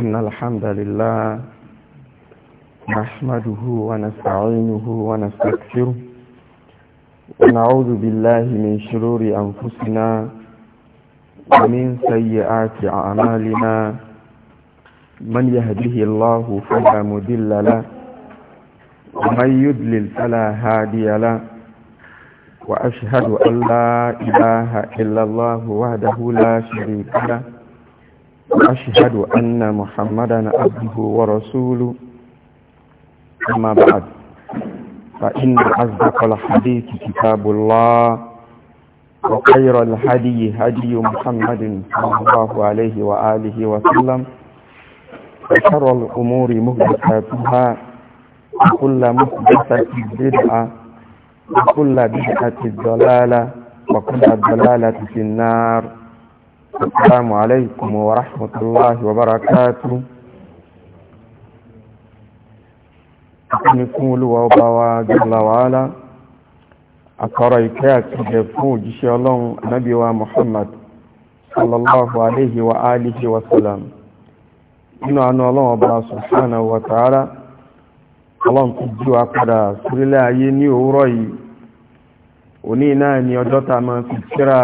إن الحمد لله نحمده ونستعينه ونستغفره ونعوذ بالله من شرور أنفسنا ومن سيئات أعمالنا من يهده الله فلا مدل له ومن يدلل فلا هادي له وأشهد أن لا إله إلا الله وحده لا شريك له أشهد أن محمدا عبده ورسوله أما بعد فإن أصدق الحديث كتاب الله وخير الهدي هدي محمد صلى الله عليه وآله وسلم وشر الأمور مهدساتها وكل مهدسة بدعة وكل بدعة ضلالة وكل ضلالة في النار السلام عليكم ورحمة الله وبركاته nìkún olúwa ọba wa jùlọ wàhálà àkọrọ ìkẹ́ àti ìjẹ fún òjíṣẹ́ ọlọ́run anábíwa Muhammad sallallahu alaihi wa alihi wa salam inú àánú ọlọ́run ọba subhanahu wa ta'ala ọlọ́run tó jí wa padà sírílẹ̀ ayé ní òwúrọ̀ yìí òní náà ni ọjọ́ ta máa fi kíra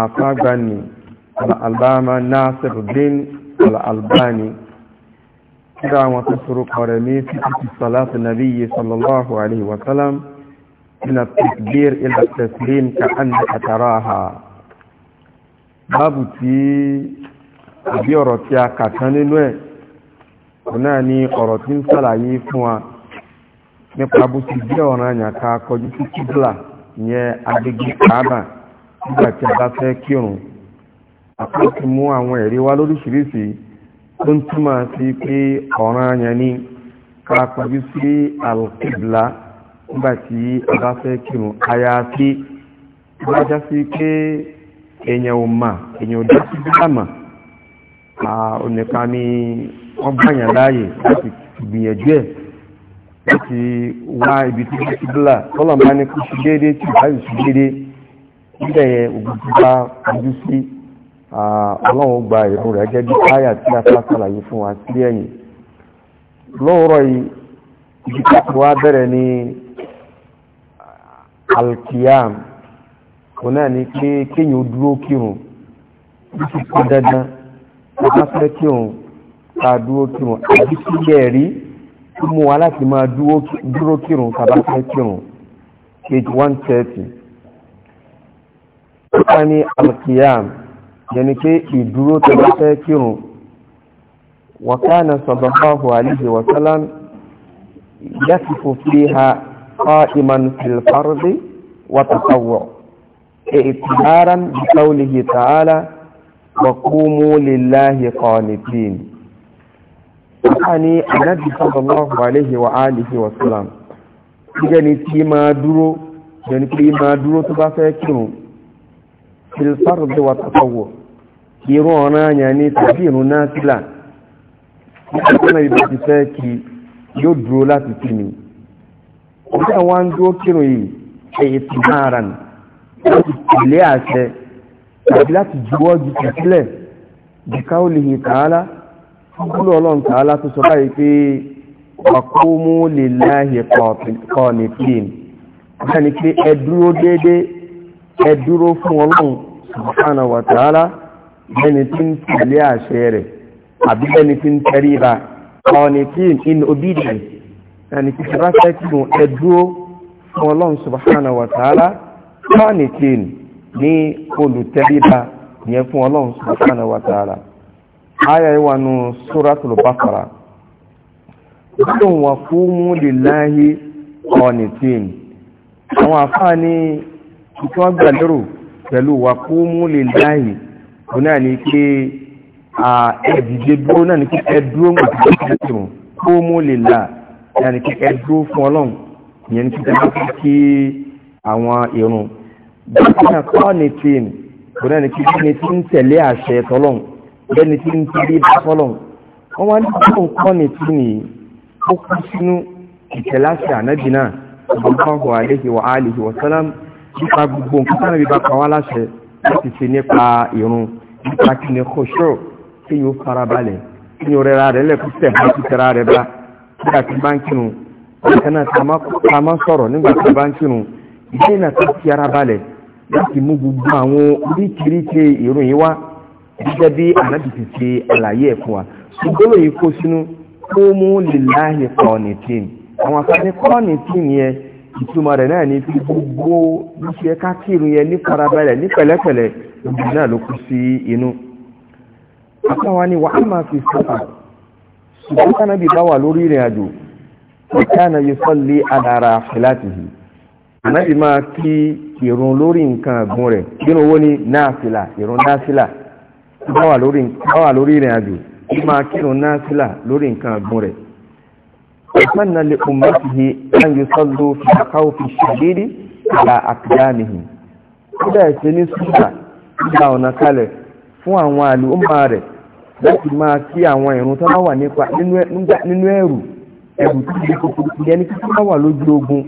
àfágbani alàbámá Nasiruddin al-Albani kíra wọn tó sorúkọ rẹ̀ ní títí salatu nabiyyi sallallahu alaihi wasallam من التكبير إلى التسليم كأنك تراها báàbù tí àbí ọ̀rọ̀ tí a kà tán nínú ẹ̀ kò náà ni ọ̀rọ̀ tí ń sàlàyé fún wa nípa bó ti jẹ́ ọ̀ranyàn ká kọjú sí kíbla ìyẹn agbègbè Káàbà nígbà tí a bá fẹ́ kírun àpò ti mú àwọn ẹ̀rí wá lóríṣiríṣi tó ń túmọ̀ sí pé ọ̀ràn yẹn ni ká pàjú sí alqibla nígbà tí a bá fẹ́ kírun àyàfi bá já sí pé èèyàn ò mà èèyàn ò dá sí bíbá mà wọ́n gbàyàn láàyè láti gbìyànjú ẹ̀ láti wá ibi tí ti bíbá tọ́lọ̀ bá ní déédéé tí ìbáyìí ṣe déédéé níbẹ̀ yẹn ògùn tó bá ojú sí ọlọ́run gba ìrun rẹ̀ gẹ́gẹ́ bí táyà tí a fẹ́ sàlàyé fún wa sí ẹ̀yìn lọ́wọ́rọ̀ yìí ibi tí bẹ̀rẹ̀ ní alkiyam òun náà ni pé kéèyàn ó dúró kírun ó sì pọn dandan ó bá fẹ́ kírun ká dúró kírun àbí sílẹ̀ rí ó mú wa láti máa dúró kírun ká bá fẹ́ kírun page one thirty nípa ní alkiyam yẹni pé ìdúró tó bá fẹ́ kírun wakana sallallahu alaihi wasallam yasifu fiha qa'iman fil fardi wa tatawwu' i'tibaran bi qawlihi ta'ala wa qumu lillahi qanitin ani anabi sallallahu alaihi wa alihi wa pé máa dúró tó bá fẹ́ kírun filfardi wa tasawwur irun ọ̀ràn àyàn ni tàbí irun náà sílà nígbàtánà ìbá ti fẹ́ kí yóò dúró láti kí ni ọjọ́ àwọn ń dúró kírun yìí ẹ̀yẹ ti máa rà ní láti tẹ̀lé àṣẹ tàbí láti juwọ́ ju tẹ̀sílẹ̀ bí káwòlìhì tààlá fúnkúlù ọlọ́run tààlá tó sọ báyìí pé wàkómú lè láàyè kọ̀ọ̀nì kí ni pé ẹ dúró déédéé ẹ dúró fún ọlọ́run subhanahu wa ta'ala lẹ́ni tí ń tẹ̀lé àṣẹ rẹ̀ àbí lẹ́ni tí ń tẹ̀rí ra ọ̀nì tí in obedience ẹni tí ṣe bá fẹ́ kí wọn ẹ dúró fún ọlọ́run subhanahu wa ta'ala àwọn àfáà ní tí wọ́n gbà lérò pẹ̀lú wà kó mú lè láàyè kò náà ní pé ẹ̀dìdé dúró náà ní pé ẹdúró ń gbàtí kí kí wọn kó mú lè là náà ní pé ẹdúró fún ọlọ́run ìyẹn ní pé ẹdúró fún kí àwọn irun bákan náà kọ́ ní tíìmù kò náà ní pé kí ni tí ń tẹ̀lé àṣẹ tọ́lọ́run lẹ́ni tí ń tẹ̀lé tọ́lọ́run wọ́n wá ní kọ́ kọ́ ní tíìmù yìí ó kú sínú ìtẹ̀láṣẹ ànábì wa salam nípa gbogbo nǹkan tánà bí bá pa wá láṣẹ láti ṣe nípa ìrun nípa kí ni kòṣó kí ni ó farabalẹ̀ kí ni òrẹ́ra rẹ̀ lẹ́kú tẹ̀bá kí tẹ̀ra rẹ̀ bá nígbà tí bá ń kírun ọ̀sẹ̀ náà ta máa sọ̀rọ̀ nígbà tí bá ń kírun ìdí náà tó fi ara balẹ̀ láti mú gbogbo àwọn oríkìríkì ìrun yìí wá gẹ́gẹ́ bí anábìtì ṣe àlàyé ẹ̀ fún wa ṣùgbọ́n lóyìn kó sínú kó mú lè láàyè kọ́ọ̀nì tíì àwọn ìtumọ̀ rẹ̀ náà ni bí gbogbo iṣẹ́ kákìrù yẹn ní farabalẹ̀ ní pẹ̀lẹ́pẹ̀lẹ́ ìgbà náà ló kú sí inú àtàwọn ni wàá máa fi sọ́fà ṣùgbọ́n kánábì bá wà lórí ìrìn àjò ìkànnà yìí sọ́lé adára fìlátìhì ànábì máa kí ìrun lórí nǹkan àgùn rẹ̀ nínú owó ní náàfìlà ìrun náàfìlà bá wà lórí ìrìn àjò máa kírun náàfìlà lórí nǹkan àgùn rẹ̀ وسن لأمته أن يصلوا في الخوف الشديد على أقدامهم kódà ẹ̀ṣẹ̀ ní súnà gba ọ̀nà kalẹ̀ fún àwọn àlùmọ́ rẹ̀ láti máa kí àwọn tó bá wà nípa nínú tó bá wà lójú ogun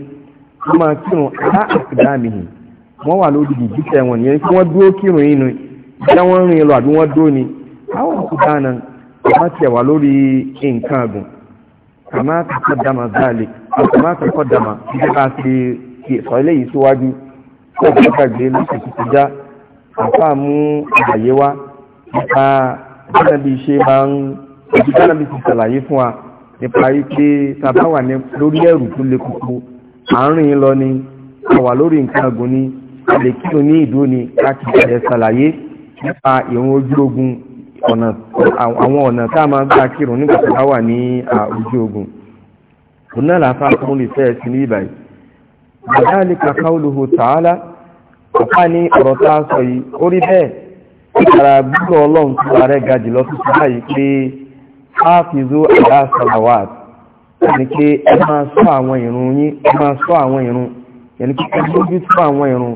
tó máa kírun ará wọ́n wà lórí nìyẹn kí wọ́n dúró kírun wọ́n rìn lọ kàmá tàkọ́dàmà záàlì kàmá tàkọ́dàmà ìjọba ti sọ ilé yìí síwájú kó o gbàgbé lóṣù tó kọjá àfa mú àyè wá nípa bánàbí ṣe máa ń ojú bánàbí ti ṣàlàyé fún wa nípa wípé tàbá wà ní lórí ẹrù tó le àárín lọ ni a wà lórí nǹkan ọ̀gùn ni a lè kírun ni láti ṣẹlẹ̀ ṣàlàyé nípa ìrún ojú ogun àwọn ọ̀nà tá a máa gbá kírùn nígbà tó wà ní ojú ogun òun náà láfá fún lè fẹ́ sí ní ìbàyí bàdálìkà káwòlùhù tààlà àpá ní ọ̀rọ̀ tá a sọ yìí ó rí bẹ́ẹ̀ ìkàrà gbúrò ọlọ́run tó ààrẹ ga jùlọ tó ti báyìí pé fáàfìzó àdá salawat ní pé ẹ máa ṣọ́ àwọn ìrun yín ẹ máa ṣọ́ àwọn ìrun yẹn ni pé ẹ lójú tó àwọn ìrun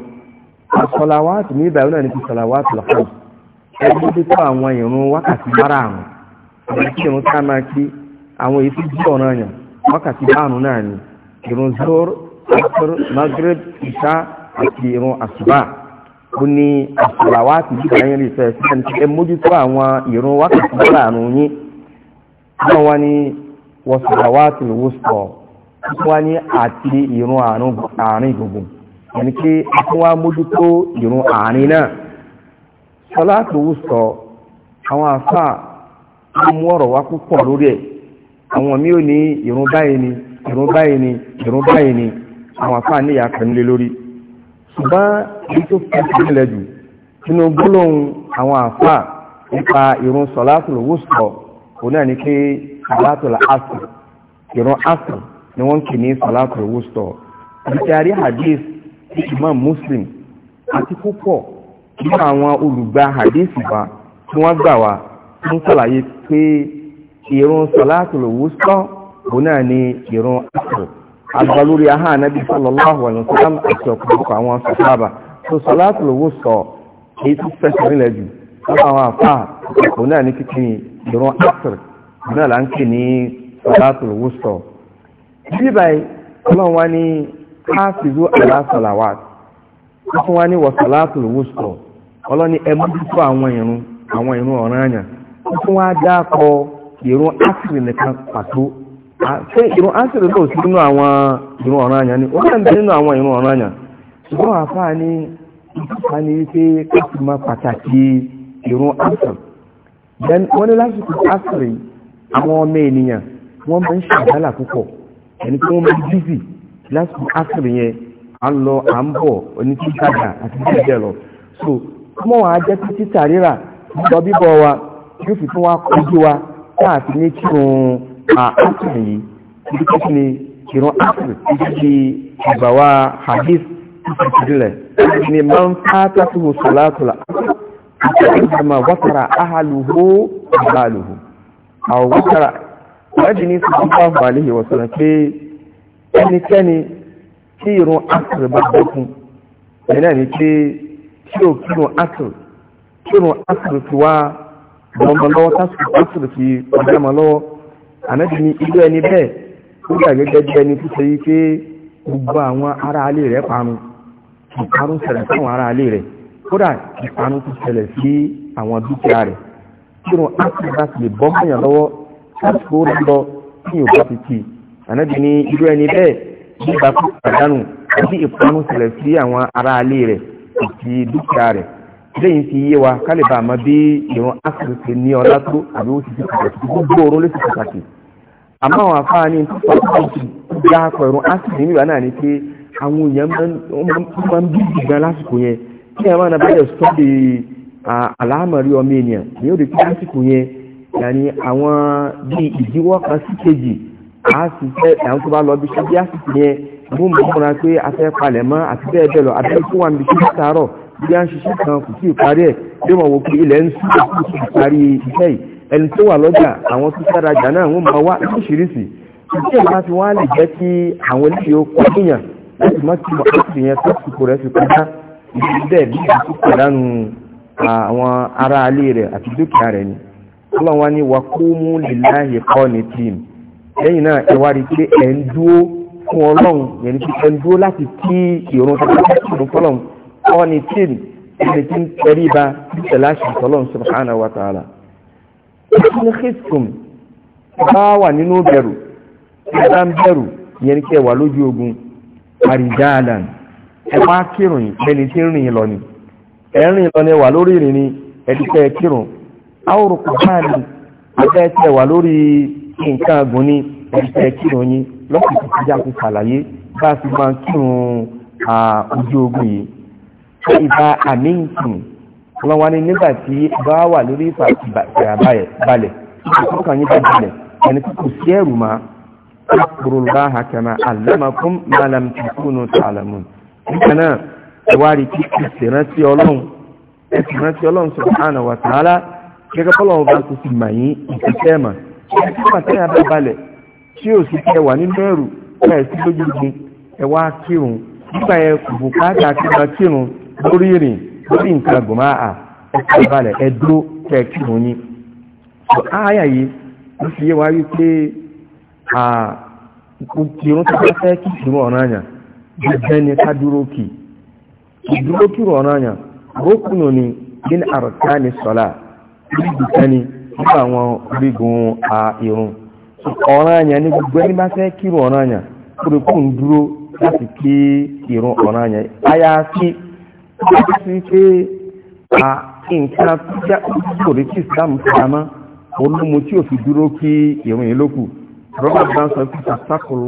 àsọlàwàt ní ìbàyí náà ní ti salawat lọ́fọ́ọ̀sì ẹgbẹ́dúkọ àwọn ìrún wákàtí márààrún àwọn tí ìrún ká máa kí àwọn èyí tó jí ọ̀nà yàn wákàtí márùn náà ni ìrún zor asr maghrib ìṣá àti ìrún àsùbà ó ní àsùbàwá àti ìdíkà yẹn rí fẹ́ sílẹ̀ ní ẹ mójútó àwọn ìrún wákàtí márààrún yín wọ́n wá ní wọ́sùbàwá àti ìwòsàn wọ́n wá ní àti ìrún àárín gbùngbùn ẹni pé wọ́n wá mójútó ìrún àárín náà sọlátòwú sọ àwọn àfà ló mú ọ̀rọ̀ wá púpọ̀ lórí ẹ̀ àwọn mí ò ní ìrún báyìí ni ìrún báyìí ni ìrún báyìí ni àwọn àfà ní ìyàpẹ̀ nílé lórí ṣùgbọ́n èyí tó fi ìpínlẹ̀ jù nínú gbólóhùn àwọn àfà nípa ìrún sọlátòwú sọ òun náà ni pé sọlátòlá asùn ìrún asùn ni wọ́n kì ní sọlátòwú sọ ìtẹ̀rí hadith imam muslim àti púpọ̀ nínú àwọn olùgbà hadisi wa tí wọ́n gbà wá ń sàlàyé pé ìrun salatul wusta òun náà ni ìrun asr agbalórí ahá anábì sallallahu alaihi wasallam àti ọ̀pọ̀lọpọ̀ àwọn sàhábà tó salatul wusta èyí tó fẹsẹ̀ nílẹ̀ jù lọ́wọ́ àwọn àfà òun náà ní kíkiri ìrun asr òun náà là ń kì ní salatul wusta bíbáyìí ọlọ́run wá ní káàkiri àlá salawat ní wọ̀ salatul wusta ọlọ́ni ẹ mójútó àwọn ìrun àwọn ìrun ọ̀ranyàn ó tún wá dákọ ìrun asiri nìkan pàtó ṣé ìrun asiri náà sí nínú àwọn ìrun ọ̀ranyàn ni ó náà bẹ nínú àwọn ìrun ọ̀ranyàn ṣùgbọ́n àfáà ní ìtúpa ní wípé káàkiri máa pàtàkì ìrun asiri then wọ́n ní lásìkò asiri àwọn ọmọ ènìyàn wọ́n máa ń ṣàdálà púpọ̀ ẹni pé wọ́n máa ń bízì lásìkò asiri yẹn à ń lọ à ń bọ̀ so mọ́ wọn á jẹ́ tí títà rírà lọ bíbọ̀ wa yóò fi fún wa kọjú wa káàkiri ní kírun àásìrì yìí ibi tó ti ní kírun àásìrì ibi tí ìgbà wa hadith ìfìdílẹ̀ ni máa ń fá tásìwò sọ̀látùlà àti ìgbàmà wátara áhàlùhó àbálùhó àwọn wátara ní sallallahu alaihi wa sallam pé ẹnikẹ́ni tí ìrun àásìrì bá bọ́ fún ẹ̀ náà ni pé tí ò kírun asr kírun asr ti wá bọ́mọ lọ́wọ́ tásìkò asr ti ọjà mọ́ lọ́wọ́ ànábì ní irú ẹni bẹ́ẹ̀ ó gbà gẹ́gẹ́ bí ẹni tó ṣe yí pé gbogbo àwọn ará alé rẹ̀ parun ìparun ṣẹlẹ̀ sáwọn ará alé rẹ̀ kódà ìparun ti ṣẹlẹ̀ sí àwọn dúkìá rẹ̀ kírun asr bá ti lè bọ́mọ yàn lọ́wọ́ tásìkò ó lọ tí yóò bá ti tì ànábì ní irú ẹni bẹ́ẹ̀ nígbà tó pàdánù àbí ìparun sí àwọn ará alé rẹ̀ àti dúkìá rẹ̀ lẹ́yìn fi yé wa ká lè bá àmọ́ bí ìran áfíríkì ní ọlá tó àbí ó ti fi pàtàkì gbogbo òórùn ló ti pàtàkì àmọ́ àwọn afáàní tó pàtàkì ti já akọ ìran áfíríkì nígbà náà ni pé àwọn èèyàn máa ń bí ìgbà lásìkò yẹn kí ẹ máa nàbàjẹ́ sọ́ọ̀dì àlámọ̀rí ọmọ ènìyàn ní ó lè fi lásìkò yẹn yàní àwọn bí ìdíwọ́ kan sí kejì àá sì fẹ́ àwọn tó bá lọ bí ṣe bí àsìkò yẹn mú mọ́mọ́ra pé afẹ́ palẹ̀ mọ́ àti bẹ́ẹ̀ bẹ́ẹ̀ lọ abẹ́rẹ́ fún wa níbi tí ó sàárọ̀ bí a ń ṣiṣẹ́ kan kò sí ìparí ẹ̀ bí wọ́n wò pé ilẹ̀ ń sùn kò sí ìparí iṣẹ́ yìí ẹni tó wà lọ́jà àwọn tó sára jà náà wọ́n máa wá lóṣìírísì iṣẹ́ ìlà fi wá lè jẹ́ kí àwọn eléyìí ó kọ́ èèyàn láti má ti wọ́n yẹn tó sùkò rẹ̀ fi kọjá tó pàdánù àwọn rẹ̀ àti dúkìá rẹ̀ fún ọlọ́run yẹn ní ẹni dúró láti kí ìrún tó bá kírun fọlọ́n kọ́ ni tíìlì tí ń tẹrí ba títẹ̀ láti ìtọ́lọ́run subhanahu wa ta'ala. ìṣẹ́ ní hìtùm bá wà nínú bẹ̀rù ìdá ń bẹ̀rù yẹn kí ẹ wà lójú ogun àrídáàdàn ẹ wá kírun ẹni tí ń rìn lọ ni ẹ ń rìn lọ ni ẹ wà lórí ìrìn ni ẹni tí ẹ kírun áwòrán kò báàlì ẹgbẹ́ tí ẹ wà lórí nǹkan àgùn ni ẹni tí ẹ kírun yín lọ́pọ̀ ìjà kò ṣàlàyé bá a fi máa kírun ojú ogun yìí ṣé ìbá àmíǹtìn wọn wá ní nígbà tí bá wà lórí ìfàkìbàlẹ̀ balẹ̀ ìfọkàn yín bá balẹ̀ ẹni tó kò sí ẹ̀rù máa akurulaha kama alamakum malam takunu ta'lamun kana wari ki ìrántí Ọlọ́hun ìrántí Ọlọ́hun subhanahu wa ta'ala kega polo ba ku simayi ikema ki ma ta ba balẹ̀ tí ò sì kẹ wà nínú ẹ̀rù bẹ́ẹ̀ sí lójú gbin ẹ wá kírun nígbà yẹn bùkátà kí wọ́n kírun lórí ìrìn lórí nǹkan gbọ̀mọ́ à ẹ̀ka balẹ̀ ẹ dúró kẹ kírun yín. sọ ááyà yìí ló fi yé wa wípé ìrún tó bá fẹ́ kí ìrún ọ̀ràn yàn jẹ́ ní ká dúró kì ìdúró kí ìrún ọ̀ràn yàn rókùnù ni nínú àrùkà ní sọ́lá ní ìdíkẹ́ nígbà àwọn orígun a irun. ọ̀ràn àyàn ní gbogbo ẹni bá fẹ́ kírun ọ̀ràn àyàn kúròkún dúró láti kí ìrun ọ̀ràn àyàn àyàfi láti fi pé a nǹkan tó kò rí kí islam pamọ́ olómo tí ò fi dúró kí ìrun yìí lókù robert àtún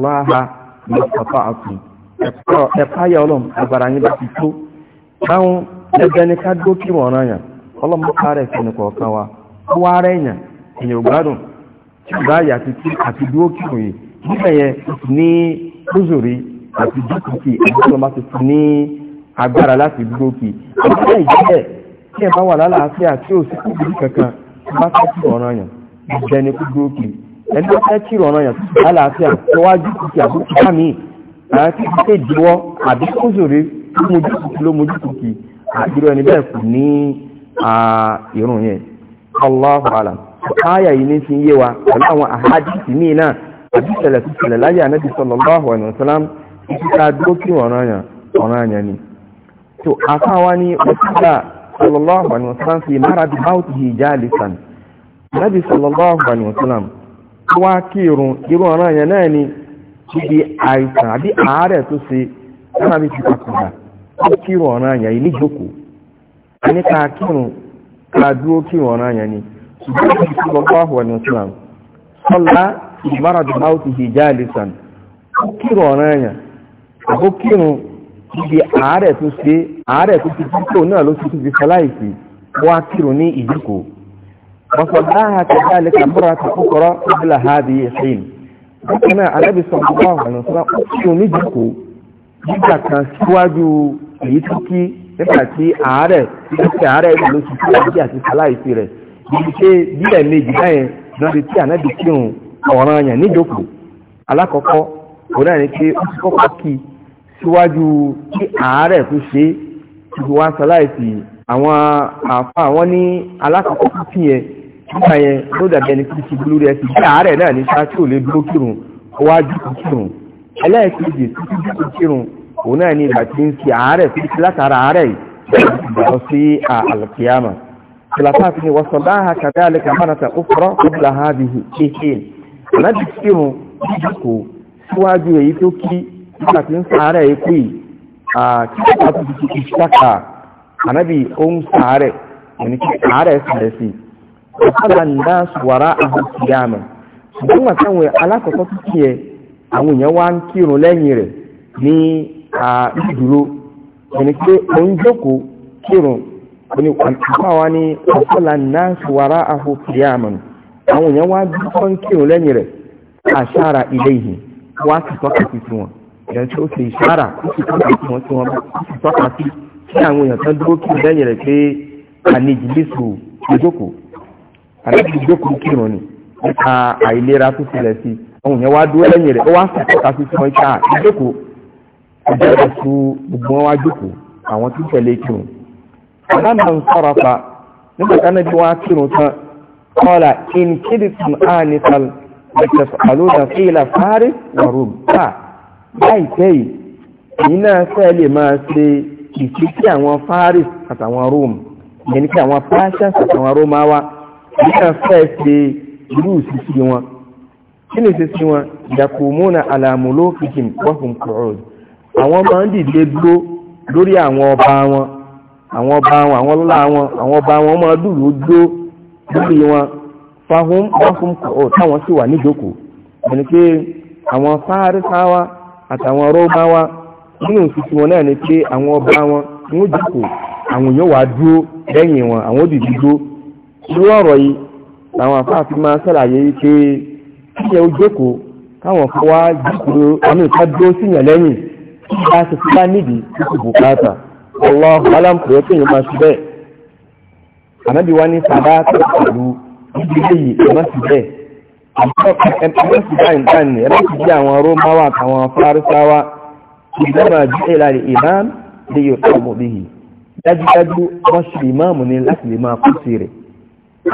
ọlọ́m agbára yín bá ti tó báwọn ẹgbẹ́ ká ọlọ́mọ kárẹ̀ kọ̀ọ̀kan wa rẹ̀ yàn tí ó bá yà ti kí àti dúró kírun yìí nígbà yẹn ní lóṣòrí àti dúkù kì àdúgbò máa ti ní agbára láti dúró kì àbúrò ìjẹ́lẹ̀ tí ẹ bá wà lálàáfíà tí ó sì kú ìlú kankan tó bá fẹ́ kírun ọ̀ràn yàn ìjẹ́ ni kú dúró kì ẹni tó fẹ́ kírun ọ̀ràn yàn lálàáfíà tó wá dúkù kì àbúrò bá mi àti ìdíkè ìdíwọ́ àbí lóṣòrí ló mojú kù ló mojú kù kì àdúrò ẹni bẹ́ẹ̀ kù ní ìrùn yẹn Allahu alam káyà yìí ní fi yé wa pẹ̀lú àwọn àhádìsì míì náà àbí ìṣẹ̀lẹ̀ tó ṣẹlẹ̀ láyé ànábì sallallahu alaihi wasallam títí ká dúró kí ọ̀ràn àyàn ni. tó afáwa ní òṣìṣẹ́ sallallahu alaihi wasallam fi marad mawtihi jalisan ànábì sallallahu alaihi wasallam tó wá kírun irú ọ̀ràn àyàn náà ni síbi àìsàn àbí àárẹ̀ tó ṣe lọ́nà bí ti pàkàdà ó kírun ọ̀ràn àyàn yìí níjókòó ni ṣùgbọ́n sallallahu alaihi wasallam sọ́lá ìmáràdì máwùtì jalisan ó kírun ọ̀ràn ẹ̀yàn àbó kírun níbi àárẹ̀ tó ṣe àárẹ̀ tó ti dípò náà ló ti tún fi fọláìsì wá kírun ní ìdíkòó وصلناها كذلك مرة أخرى قبل هذه الحين لكن النبي صلى الله عليه وسلم ينجيكو nígbà kan síwájú èyí tó kí nígbà tí ààrẹ tí bíi ṣe bílẹ̀ méjì báyẹn lọ́dún tí ànábì kírun ọ̀ràn yàn níjókòó alákọ̀ọ́kọ́ òun náà ni pé ó ti kọ́kọ́ kí síwájú kí àárẹ̀ tó ṣe gbogbo wa sọ láìsí àwọn àfa àwọn ní alákọ̀ọ́kọ́ kí yẹn nígbà yẹn ló dàbí ẹni kí ti dúró rẹ sí bí àárẹ̀ náà ní ṣáà tí ò lè dúró kírun ó wá jókòó kírun ẹlẹ́ẹ̀kejì tó ti jókòó kírun òun náà ni ìgbà tí ń fi àárẹ̀ fi látara àárẹ̀ yìí lọ sí àlùkìyàmà خلافاته وصلاها كذلك مرة أخرى قبل هذه إيكين نذكر بيكو سواجه يتوكي لكن سعره يكوي كتابة اشتكى النبي أم سعره nsagharị سعره سعرسي وصلى الناس وراءه قياما ṣùgbọ́n wà táwọn alákọ̀ọ́kọ́ tó kí ẹ àwọn èèyàn wá ń kírun ní àkọ́wà ní ọ̀pọ̀lá na ṣùwárá àhù kìyàmùn àwọn èèyàn wá dúkọ́ ń kírun lẹ́yìn rẹ̀ àṣàrà ilé yìí wá sì tọ́ka sí tiwọn ìyẹn tí ó ṣe ìṣàrà ó sì tọ́ka sí wọn tí wọ́n sì tọ́ka sí kí àwọn èèyàn tán dúró kírun lẹ́yìn rẹ̀ pé àníjì lẹ́sù ìjókòó àníjì ìjókòó kírun ni nípa àìlera tó tilẹ̀ sí àwọn èèyàn wá dúró lẹ́yìn rẹ̀ ó wá sì tọ́ka sí tiwọn ìṣàrà ìjókòó ìjọba su gbogbo wọn wá jókòó àwọn tí tẹ̀lé kírun ọ̀nàmà ń sọ́rọ̀fà nígbà kánàbí wá kírun tán kọ́lá in kìdìtùn ánìtàl da alóda fílà fárí wà rúgbà láìpẹ́ yìí èyí náà fẹ́ lè máa ṣe ìṣí sí àwọn fárí àtàwọn rome yẹn kí àwọn persians àtàwọn romawa èyí náà fẹ́ ṣe irú ìṣísí wọn kí ni ìṣísí wọn yàkùmúnà àlàmúlò fìkìm wọ́n fún kọ̀ọ̀dù àwọn máa ń dìde dúró lórí àwọn ọba wọn àwọn ọba wọn àwọn ọlọ́lá wọn àwọn ọba wọn máa dùrú dó lórí wọn fahun wákùn kọ̀ọ̀ táwọn sì wà níjókòó ẹni pé àwọn fárísáwá àtàwọn rọ́báwá nínú ìsìnkú wọn náà ni pé àwọn ọba wọn wọn jókòó àwọn èèyàn wà dúró lẹ́yìn wọn àwọn òdìdí dúró irú ọ̀rọ̀ yìí làwọn afáàfin máa ṣàlàyé pé kíyẹ ó jókòó káwọn kan jókòó àmì ìka dúró síyàn lẹ́yìn bá ṣe fi bá nídìí tó kù bùkátà ọlọ́ alámkùrẹ́ pé yóò máa ṣe bẹ́ẹ̀ ànábì wá ní sàbá tó pẹ̀lú ibi léyìí ẹ̀mọ́ sí bẹ́ẹ̀ ẹ̀mọ́ sí báyìí báyìí ẹ̀mọ́ sí bí àwọn rómáwà àtàwọn fárísáwá ìdámà jẹ́ ìlàrí ìmám lè yóò tó mọ̀ bíyì dájúdájú wọ́n ṣe ìmáàmù ni láti lè máa kú sí rẹ̀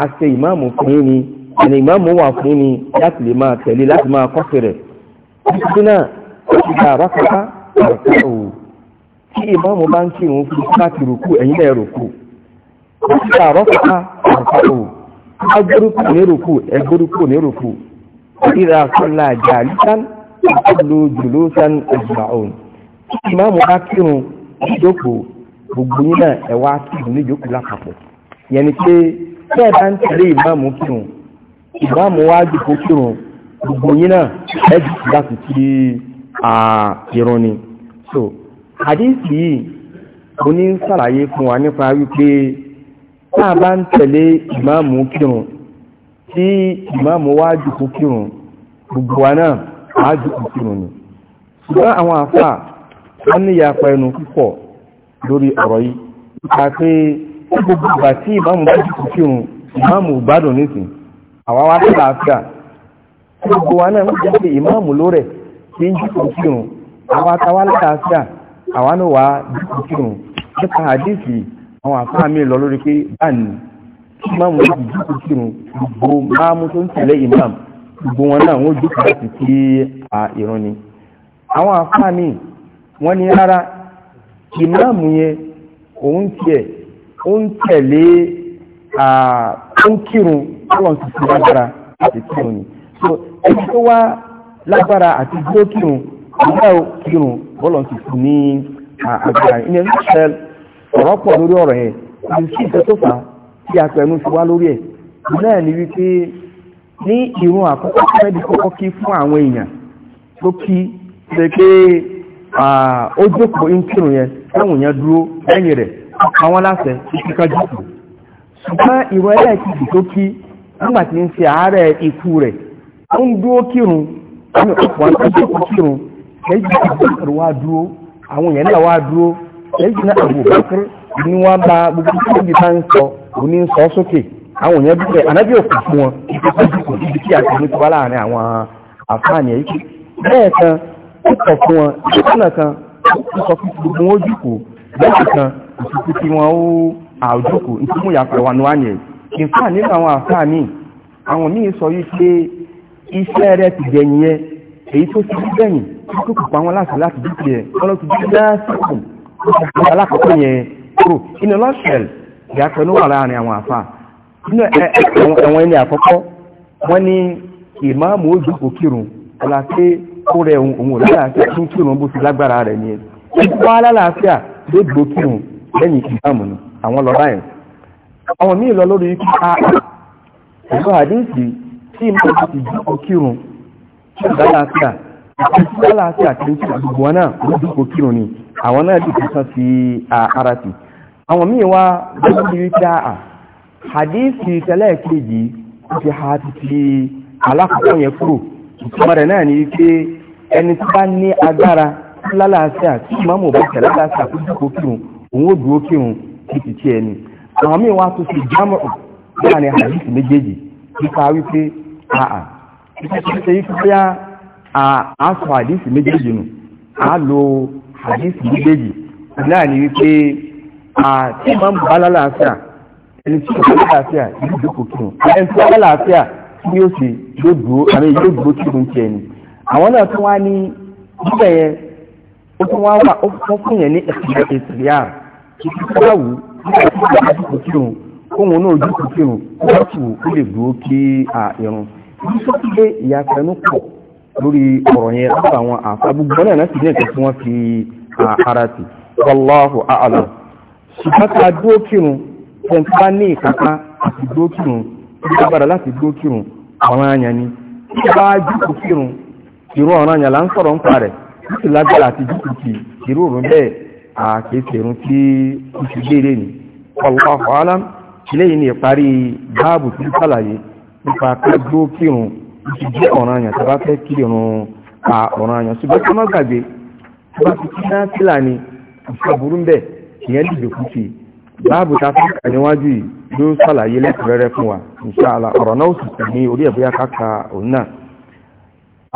a ṣe ìmáàmù fún yín ẹni ìmáàmù wà fún yín láti lè máa tẹ̀lé láti máa kọ́ sí rẹ̀ nítorí náà ó ti gba àbáfọ́fá àrùkárò tí ìmọ̀mù bá ń kírun fún láti rùkú ẹ̀yìn lẹ̀ rùkú nígbà rọ́pàá àpapọ̀ agbórúkú ní rùkú ẹgbórúkú ní rùkú ìrà sọ́lá jàlítán àpọ̀lò jùlọ́sán ẹgbàọ̀n tí ìmọ̀mù ni pé tí ẹ bá ń tẹ̀lé ìmọ̀mù kírun ìmọ̀mù wá jùkú kírun gbogbo yín náà ẹ jùkú láti kí ìrun ni so hadisi yìí mo ní sàlàyé fún wa nípa wípé tá a bá ń tẹ̀lé ìmáàmù kírun tí ìmáàmù wá jùkú kírun gbogbo wa náà á jùkú kírun ni ṣùgbọ́n àwọn àfà wọ́n ní ìyapa ẹnu púpọ̀ lórí ọ̀rọ̀ yìí nípa pé ó gbogbo ìgbà tí ìmáàmù bá jùkú kírun ìmáàmù gbádùn nísìn àwa wá sí àáfíà gbogbo wa náà ń jẹ́ pé ìmáàmù ló tí ń jùkú kírun àwa táwa láàáfíà àwọn wa wà dípò kírun nípa àdéhìsì àwọn àfáà mi lọ lórí pé báyìí kí máàmù láti dípò kírun gbogbo máàmù tó ń tẹ̀lé imam gbogbo wọn náà wọ́n jókòó láti kí ìrun ni àwọn àfáà mi wọ́n ní rárá ìmáàmù yẹn òun tiẹ̀ ó ń tẹ̀lé ó ń kírun ọlọ́run ti fi lágbára láti kírun ni so ẹni tó wá lágbára àti dúró ìgbà kírun bọ́lọ̀ ti fún ní àgbà ilẹ̀ israel ọ̀rọ̀ pọ̀ lórí ọ̀rọ̀ yẹn kò sí ìfẹ́ tó ni wípé ní ìrun àkọ́kọ́ fẹ́ di kọ́kọ́ kí fún àwọn èèyàn tó kí ṣe pé ó jókòó ń kírun yẹn táwọn èèyàn dúró lẹ́yìn rẹ̀ àwọn aláṣẹ títí ká jókòó ṣùgbọ́n ìrun ẹlẹ́ẹ̀kejì tó kí nígbà ń ṣe àárẹ̀ ikú rẹ̀ ó ń dúró kírun ó ẹ̀yìn náà Abubakar wá dúró àwọn èèyàn náà wá dúró ẹ̀yìn náà Abubakar ni wọ́n bá gbogbo tí wọ́n bá ń sọ òní ń sọ sókè àwọn èèyàn bẹ̀rẹ̀ ànábì òkú fún wọn kò sí ibi tí a ti ní tó wá láàrin àwọn àfáàní ẹ̀yìn bẹ́ẹ̀ kan ó sọ fún wọn ìṣúná kan ó sọ fún gbogbo wọn ó jùkú bẹ́ẹ̀ kan òṣìṣẹ́ tí wọn ó àjòkó nítorí mú ìyàpẹ̀ wà níwá nìyẹn ìfà nínú àwọn àfáà míì àwọn míì sọ yìí pé iṣẹ́ rẹ ti gbẹ̀yìn yẹn èyí tó ti gbẹ̀yìn kókò pa wọn láti láti dúkìá ẹ̀ wọ́n lọ ti dúkìá lásìkò ìṣàkóso alákọ̀ọ́kọ́ yẹn kúrò inú lọ́sẹ̀l ìyàtọ̀ ló wà láàrin àwọn àfà nínú ẹ̀wọ̀n ẹni àkọ́kọ́ wọ́n ní ìmáàmù ojú kò kírun ọ̀la pé ó rẹ òun ò lálàáfíà tó ń kírun bó ti lágbára rẹ̀ ni wọ́n á lálàáfíà ló gbó kírun lẹ́yìn ìmáàmù ni àwọn lọ báyìí àwọn míì lọ lórí kí a ẹ̀gbọ́n àdéhùn tí ìmáàmù ti jí kò kírun tó lálàáfíà àti aláàtí àtẹ́ntì gbogbo wọn náà ló dúkò kírùn ni àwọn náà dìkò sán sí ara ti àwọn míì wá gbogbo ìrítà à hadithi tẹ́lẹ̀ kejì ti ha ti fi alákọ̀ọ́ yẹn kúrò ni wípé ẹni tí bá ní agbára lálàáfíà tí ìmáàmù bá tẹ̀ lálàáfíà tó dúkò kírùn ni àwọn míì wá tó fi jámọ̀ láàrin hadithi méjèèjì a sọ àdísì méjèèjì nù a lo àdísì méjèèjì náà ni wípé àti máa ń bá lálàáfíà ẹni tí ó bá lálàáfíà yóò dúkò kírun ẹni tí ó bá lálàáfíà tí yóò sì yóò dúró àmì yóò dúró kírun tiẹ̀ ni àwọn náà tún wá ní níbẹ̀ yẹn ó tún wá wà ó tún fún yẹn ní ẹ̀sìn ìtìlíà kí ti fọwọ́ wù nígbà tí ó bá dúkò kírun kóhun náà dúkò kírun ó bá tù ó lè dúró kí irun. ìdí sọ́kúndé ìyàtọ̀ ẹnu pọ̀ lórí ọ̀rọ̀ yẹn lọ́pọ̀ àwọn àfàgbùgbọ́n náà láti ní ẹ̀kọ́ tí wọ́n fi ara sí wallahu a'lam ṣùgbọ́n ká dúró kírun fún bá ní ìkápá àti dúró kírun tí ó bára láti dúró kírun ọ̀ràn àyàn ni tí bá jùkú kírun ìrú ọ̀ràn àyàn là ń sọ̀rọ̀ ń parẹ̀ títí lágbára àti jùkú kì ìrú òrùn bẹ́ẹ̀ àkéṣerun tí ni ìparí báàbù tí ó sàlàyé nípa ká dúró kírun ti jẹ́ ọ̀ràn àyàn tí a bá fẹ́ kí irun a ọ̀ràn àyàn ṣùgbọ́n tí wọ́n gbàgbé tí wọ́n ti kí náà sílà ni ìfẹ́ burú bẹ́ẹ̀ ìyẹn lè dòkú sí i báàbù ta fún kà níwájú yìí yóò ṣàlàyé lẹ́kùnrẹ́rẹ́ fún wa ìṣàlà ọ̀rọ̀ náà sì sì ní orí ẹ̀bóyá káka òun náà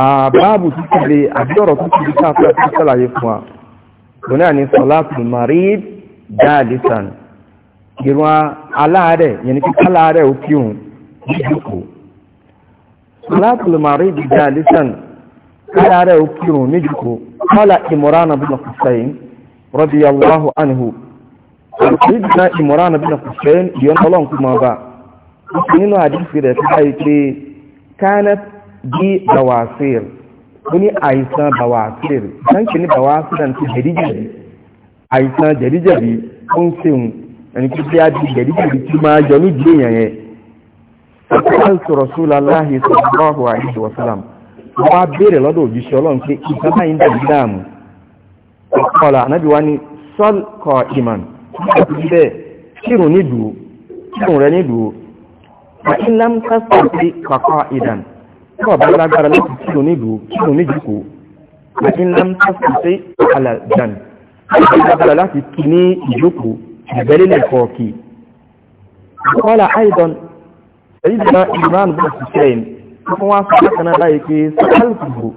àbáàbù tó ti lè àbí ọ̀rọ̀ tó ti lè ká fẹ́ fún ṣàlàyé fún wa òun náà ni sọláàtù marid dáàlísàn ìrún aláàárẹ̀ yẹn ni kí aláàárẹ̀ látùlù màrí ìdíjà àlìsàn káyà rẹ̀ ó kírun níjùkú kọ́lá ìmọ̀ránà bí lọ́kùsẹ́yìn radiyallahu anhu ìdíjà ìmọ̀ránà bí lọ́kùsẹ́yìn ìyọ́n ọlọ́run kú máa bá nínú àdífi rẹ̀ tó báyìí pé kánẹ́t bí bawasir ó ní àìsàn bawasir sáǹkì ní bawasir àti jẹ̀díjẹ̀dí àìsàn jẹ̀díjẹ̀dí ó ń sèun ẹni pé bí a di jẹ̀díjẹ̀dí tí máa jọ lójú èèyàn yẹn sọ́kàlùsù rasúláláhì sọ́kàlùsù àìsí wàsálàm wọ́n á béèrè lọ́dọ̀ òjíṣẹ́ ọlọ́run pé ìjọba yìí dàbí dáàmù ọ̀pọ̀lá anábì wá ní sọ́lkọ̀ ìmàn láti bẹ́ẹ̀ kírun nídùú kírun rẹ nídùú àìlám kásìtì kọ̀kọ́ ìdàn kọ́ bá lágbára láti kọ̀ọ̀kì ọ̀pọ̀lá àìdàn sayyidina imran bin hussein kuma wasu haka na ɗaya ke sa'alkuhu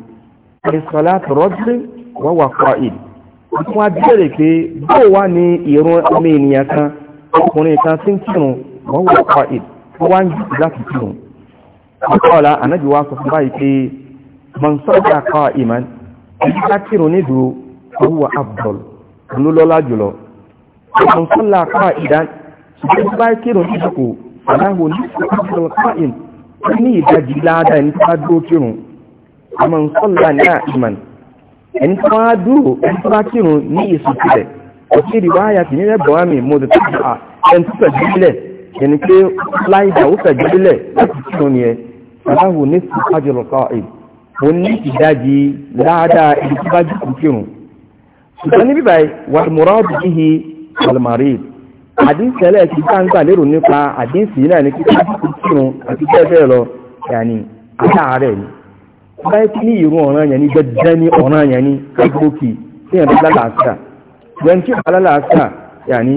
a salatu rajulin wa wa fa'il kuma biyare ke bowa ne irun ọmọ ènìyàn kan ọkùnrin kan tí ń kírun wa wa fa'il tó wá ń jù láti kírun akọ́la anábi wa sọ fún báyìí pé man sọ́jà kọ́ iman ẹni ká kírun nídùú ọwọ́ abdul olólọ́lá jùlọ man sọ́jà kọ́ ìdán ṣùgbọ́n báyìí aláwọ̀ ní ọ̀pọ̀lọpọ̀ káàkiri ní ìdajì ládàá ẹni tó bá dúró kírun àmọ́ nsọ́lá ní àìmàn ẹni tó bá dúró ẹni tó bá kírun ní ìsùnkúlẹ̀ ọ̀sẹ̀ ìdìbò àyà sí nílẹ̀ bọ̀wámi mo ti tẹ̀sí à ẹni tó fẹ̀jú sílẹ̀ ẹni pé láìdá ó fẹ̀jú sílẹ̀ láti ni ẹ aláwọ̀ ní ọ̀pọ̀lọpọ̀ àdínsì ẹlẹ́ẹ̀kì bá ń gbà lérò nípa àdínsì náà ní kíkọ́ ìkírun àti bẹ́ẹ̀ lọ yàní aláàárẹ̀ ni báyìí kí ní ìrún ọ̀ràn yẹn ní jẹ́jẹ́ ní ọ̀ràn yẹn ní kágbókì tí yẹn bá lálàáfíà yẹn tí ó lálàáfíà yàní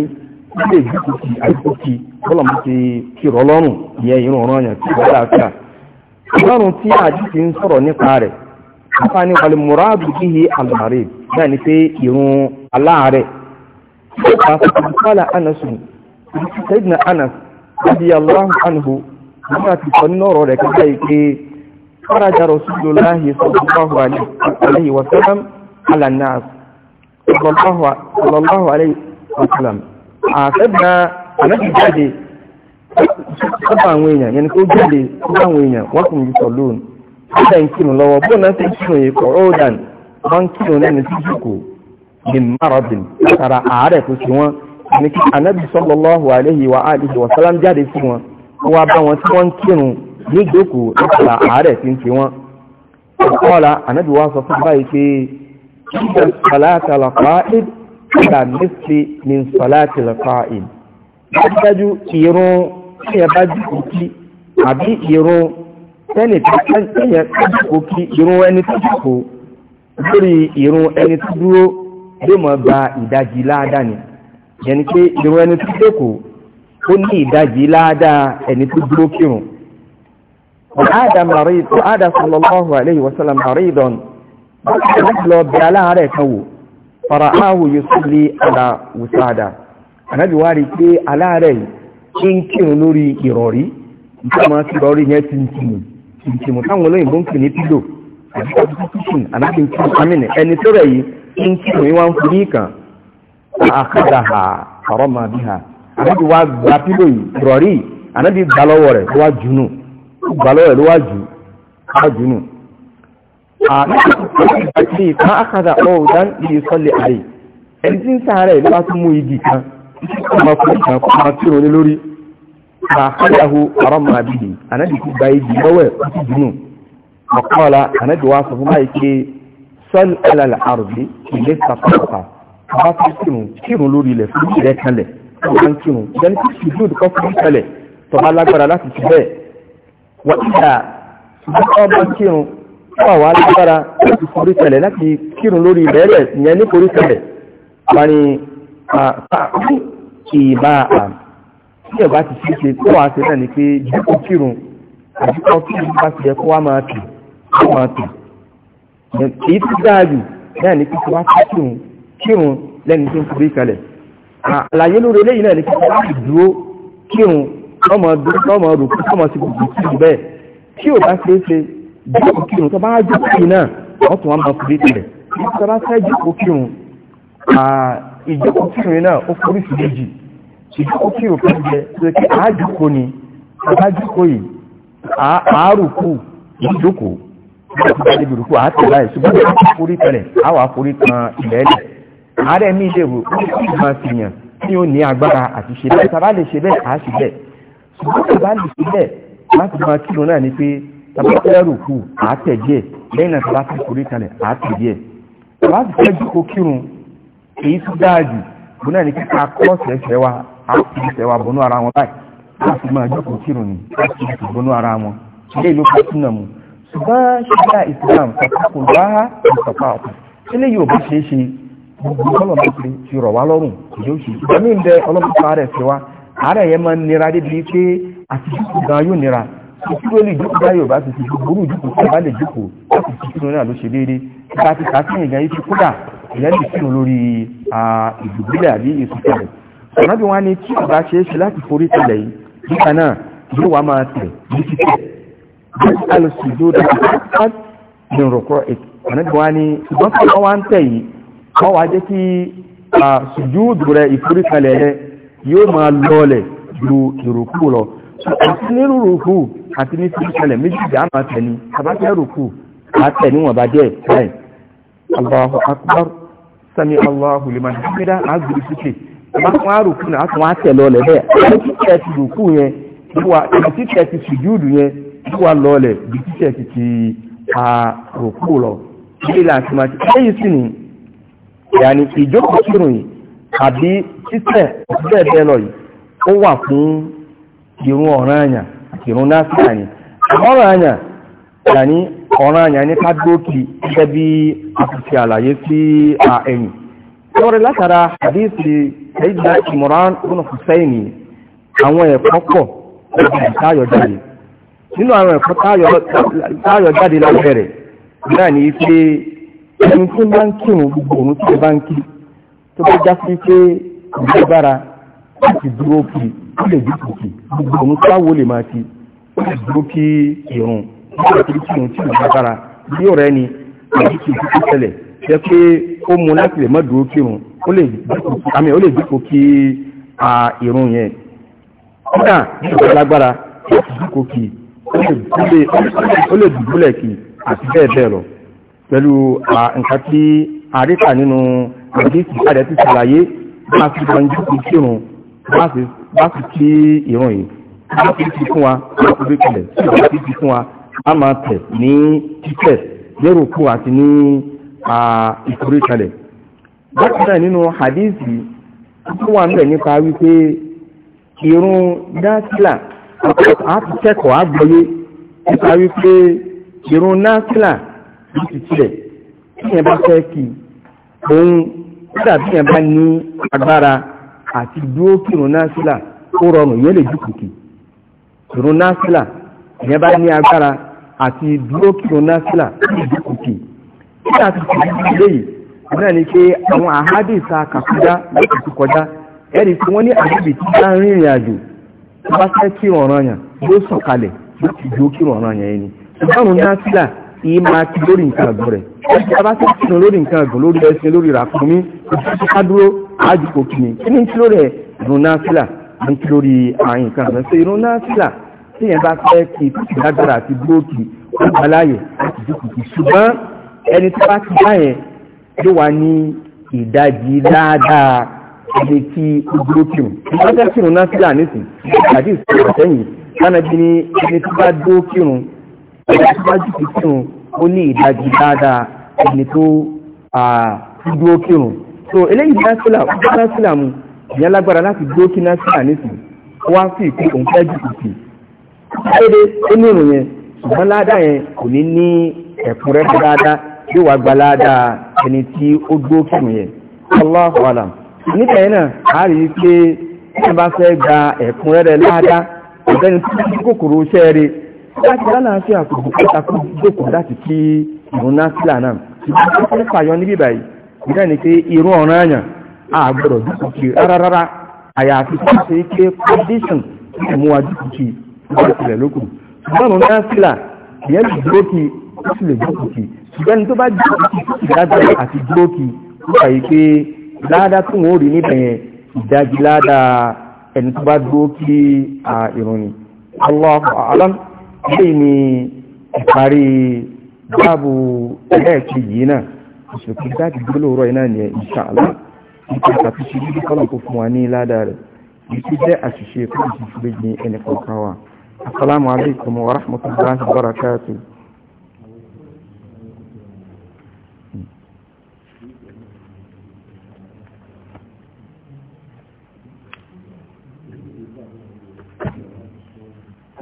ilé ìgbìkìkì àgbókì bọ́lọ̀mù ti kírọ lọ́rùn ìyẹn ìrún ọ̀ràn yẹn tí ó lálàáfíà lọ́rùn tí àdínsì ń sọ̀rọ̀ nípa rẹ̀ afáni wàlúmùrá àbùkí yìí àlàárẹ̀ náà ni pé ìrún aláàárẹ̀ قال أنس سيدنا أنس رضي الله عنه لما تقنر لك ذلك خرج رسول الله صلى الله عليه وسلم على الناس صلى الله صلى الله عليه وسلم عاتبنا نبي جدي sọ́pàá àwọn èèyàn yẹni kó jáde sọ́pàá àwọn èèyàn wọ́n kùn yìí min maradin látara àárẹ̀ tó ṣe wọ́n ní kí anábì sallallahu alayhi wa alihi wa sallam jáde sí wọn wọ́n bá wọn tí wọ́n kírun ní ìjókòó látara àárẹ̀ tí ń ṣe wọ́n ọ̀pọ̀lá anábì wá sọ fún báyìí pé ṣíṣe sàlátà lọ́kọ́áìd ìgbà mẹ́sì ní sàlátà lọ́kọ́áìd dájúdájú kí àbí lórí ìrun ẹni tó dúró yóò mọ̀ gba ìdajì láàdá ni yẹni pé ìrún ẹni tó jókòó ó ní ìdajì láàdá ẹni tó dúró kírun ọ̀hádà sallallahu alayhi wa sallam àrídọ̀n lọ bí aláàárẹ̀ kan wò fara áhù yusalli ala wùsáàdà ànábì wá rí pé aláàárẹ̀ yìí ń kírun lórí ìrọ̀rí nígbà máa ti rọrí yẹn ti ń tìmù ìtìmù táwọn olóyìnbó ń pè ń kí òun wá ń forí kan àkàdà ha ọ̀rọ̀ màá bí ha àbíkí wá gba pílò yìí rọ̀rí ànábì gbà lọ́wọ́ rẹ̀ ló wá jùnú gbà lọ́wọ́ rẹ̀ ló wá jù á jùnú. àti ìka àkàdà ọ̀dán ilé sọ́lẹ̀ àyè ẹni tí ń sàárẹ̀ ló wá tún mú máa kírun sọ́lù alàlà àrùbí ilé kàfàkà bá fi kírun kírun lórí ilẹ̀ fún ìrẹ́ kanlẹ̀ tó bá ń kírun ìjẹ́ ní kí ṣùgbọ́n kọ́ fún ìkẹlẹ̀ tó bá lágbára láti ti bẹ́ẹ̀ wà ìdá tó bá kírun tó wà wá lágbára láti forí tẹ̀lẹ̀ láti kírun lórí ilẹ̀ rẹ̀ ìyẹn ní forí tẹ̀lẹ̀ wà ní ìbá àm tí ọba ti ṣe ṣe tó wà á ṣe náà ni pé jíkọ kírun àjíkọ kírun bá ti yẹ kó wá máa tì èyí tó dáa jù náà ní kí wọ́n fi kírun kírun lẹ́nu tó ń forí kalẹ̀ àlàyé lórí eléyìí náà ní kí wọ́n fi dúró kírun lọ́mọ lọ́mọ rò kí wọ́n sì gbogbo kírun bẹ́ẹ̀ tí ò bá ṣe é ṣe jókòó kírun tó bá jókòó yìí náà wọ́n tún wọn máa forí kalẹ̀ tó bá fẹ́ jókòó kírun ìjókòó kírun yìí náà ó forí sí méjì ìjókòó kírun kan jẹ pé kí àájókòó ni àájókòó yìí nígbà tó bá débi rúkú àá tẹ̀ báyìí ṣùgbọ́n àwọn àforí tẹ̀lẹ̀ àwọn àforí kan ilẹ̀ ẹ̀lẹ̀ ààrẹ mi lè wò ó sì máa fi yàn tí ó ní agbára àti ṣe bẹ́ẹ̀ tàbá lè ṣe bẹ́ẹ̀ àá ṣe bẹ́ẹ̀ ṣùgbọ́n tàbá lè ṣe bẹ́ẹ̀ láti máa kírun náà ni pé tàbá fẹ́ rúkú àá tẹ̀ díẹ̀ lẹ́yìn náà tàbá fẹ́ forí tẹ̀lẹ̀ àá tẹ̀ díẹ̀ tàbá ti fẹ́ jókòó kírun èyí tó dáa jù bó náà ni kí ká kọ́ sẹ̀sẹ̀ wa á fi sẹ̀ wa bọ́nú ara wọn báyìí láti máa jókòó kírun ni láti fi bọ́nú ara wọn ilé ìlú kásínà bá ṣíkà islam kàkàkùn bá ìsọ̀páàtù ilé yóò bá ṣeé ṣe gbogbo ọlọ́mọ pé ti rọ̀ wá lọ́rùn yóò ṣe ìgbàmí ń bẹ ọlọ́mọpá rẹ̀ fi wá ààrẹ yẹn máa ń nira débi pé àti ìdíkù gan yóò nira ìdíkù lè dúkù bá yóò bá ti fi gbogbo ìdíkù tó bá lè dúkù láti fi sínú náà ló ṣe déédéé nígbà tí kàásìyìn gan yìí fi kúdà ìyẹn lè sínú lórí ìdùbílẹ̀ àbí ìsúkẹ̀ rẹ̀ ọ̀nà bí wọ́n á ní tí ọba ṣeé ṣe láti forí tẹ̀lẹ̀ yìí nígbà náà yóò wá alù sùjúdà min ruku'ik ànábì wá ní ṣùgbọ́n kí wọ́n wá ń tẹ̀ yìí wọ́n wá jẹ́ kí sùjúdù rẹ̀ ìforíkalẹ̀ rẹ̀ yóò máa lọ́ọ̀lẹ̀ ju ìrùkú lọ àti ní rúrùkú àti ní ìforíkalẹ̀ méjì dá máa tẹ̀ ní tabakẹ́ rùkú àtẹ̀ níwọ̀n bá díẹ̀ báyìí Allahu akbar sami Allahu liman hamida azuri sike tẹ̀ ti rùkú yẹn ìwà ìtítẹ̀ ti sùjúdù yẹn tó wà lọ́ọ̀lẹ̀ bí tíṣẹ̀ ti ti àròkú lọ ilé láti máa ti lẹ́yìn sí ni ìyàní ìjókòó kírun yìí àbí títẹ̀ bẹ́ẹ̀ bẹ́ẹ̀ lọ yìí ó wà fún ìrun ọ̀ràn àyàn àti ìrun násìlà ni ọ̀ràn àyàn ìyàní ọ̀ràn àyàn ní kádókì gẹ́gẹ́ bí àtúnṣe àlàyé sí ẹ̀yìn lọ́rẹ̀ látara àdéhìsì ẹ̀yìn Imran ibn Husaini àwọn ẹ̀kọ́ pọ̀ ọ̀gbìn táyọ̀ jáde nínú àwọn ẹ̀kọ́ táyọ̀ jáde lábẹ́ rẹ̀ náà ní pé ẹni tí bá ń kírun gbogbo òun tí bá ń kí tó bá já sí pé ìgbàgbára láti dúró kí ó lè dúró kí gbogbo òun táwo lè máa kí ó lè dúró kí ìrùn nígbà tí kí òun tí ìgbàgbára bí ọ̀rẹ́ ni àti kí láti dúró kí ó lè dùbúlẹ̀ kì àti bẹ́ẹ̀ bẹ́ẹ̀ lọ pẹ̀lú nǹkan tí àríkà nínú àdíkì àdẹ ti ṣàlàyé bá sì gbọ́njú kì í kírun bá sì kí ìran yìí bá sì fi fún wa bá sì fi kílẹ̀ sí ìgbà sì fi fún wa a máa tẹ̀ ní títẹ̀ lérò kú àti ní ìkórè kalẹ̀ bákan náà nínú àdíkì tó wà ń bẹ̀ nípa wípé àti kẹ́kọ̀ọ́ àgbọ́yé nípa wípé ìrun náàkìlà ní ti tilẹ̀ tí yẹn bá fẹ́ kí òun kódà bí yẹn bá ní agbára àti dúó kí ìrun náàkìlà ó rọrùn yẹn lè dúkùkì ìrun náàkìlà yẹn bá ní agbára àti dúó kí ìrun náàkìlà lè dúkùkì tí a ti tẹ̀lé léyìí náà ni pé àwọn àhádìsá kàkúdá láti kọjá ẹni tí wọ́n ní àdébì tí wọ́n rìnrìn àjò bá fẹ́ kírun ọ̀ràn yàn yóò sọ̀ kalẹ̀ yóò ti jó kírun ọ̀ràn yàn ẹni ṣùgbọ́n náà sílà yìí máa ti lórí nǹkan ọ̀gbọ̀n rẹ̀ ẹ̀jẹ̀ bá fẹ́ kírun lórí nǹkan ọ̀gbọ̀n lórí ẹṣin lórí ràkúnmí ìfẹ́ ti ká dúró àjùkò kìíní kí ni ń kí lórí ẹ̀ ìrun náà sílà ń kí lórí àyìn nǹkan ọ̀gbọ̀n ṣe ìrun ní ìdajì ẹni tí ó dúró kírun wọ́n fẹ́ kírun náà sílà nísìn àti ìsọ̀rọ̀ sẹ́yìn lánàbí ní ẹni tó bá dúró kírun ẹni tó bá jù kírun ó ní ìdajì dáadáa ẹni tó dúró kírun so eléyìí náà sílà ó dúró náà sílà mu ìyẹn lágbára láti dúró kí náà sílà nísìn wá sí ìpè òun fẹ́ jù kìkì kéde ó ní ìrùn yẹn ṣùgbọ́n ládàá yẹn kò ní ní ẹ̀kúnrẹ́rẹ́ dáadáa yóò wá gba ládàá ẹni tí ó dúró kírun yẹn Allahu alam nípa ẹ̀nà a rí pé ẹ̀yìn bá fẹ́ gba ẹ̀kúnrẹ́rẹ́ láadá ọ̀gbẹ́ni tó ní kòkòrò iṣẹ́ rẹ̀ láti lálàáfíà kò bùkátà kó jókòó láti kí ìrún násílà náà ìgbà tó fàyọ níbí báyìí ìgbà ní pé irun ọ̀ràn àyàn àgbọ̀rọ̀ dúkùkì rárára àyàfi tó ṣe pé condition ìmúwa dúkùkì ìgbà ìrẹ̀ lókùn ṣùgbọ́n ìrún násílà ìyẹn lè dúró kí ó sì lè dúkùkì ṣùgbọ́n tó bá dúkùkì ìdájọ́ àti dúró kí ó wà yìí pé ládá tí wọ́n rí níbẹ̀ yẹn ìdájí ládá ẹni tó bá dúró kí a ìrun ni Allahu a'lam lè ní ìparí báàbù ẹlẹ́ẹ̀kì yìí náà ìṣòkè dájú gbólóòrọ̀ iná ni Allah nípa àtàtúnṣe bí kọ́lọ̀ kò fún wa ní ládá rẹ̀ ìtú jẹ́ àṣìṣe fún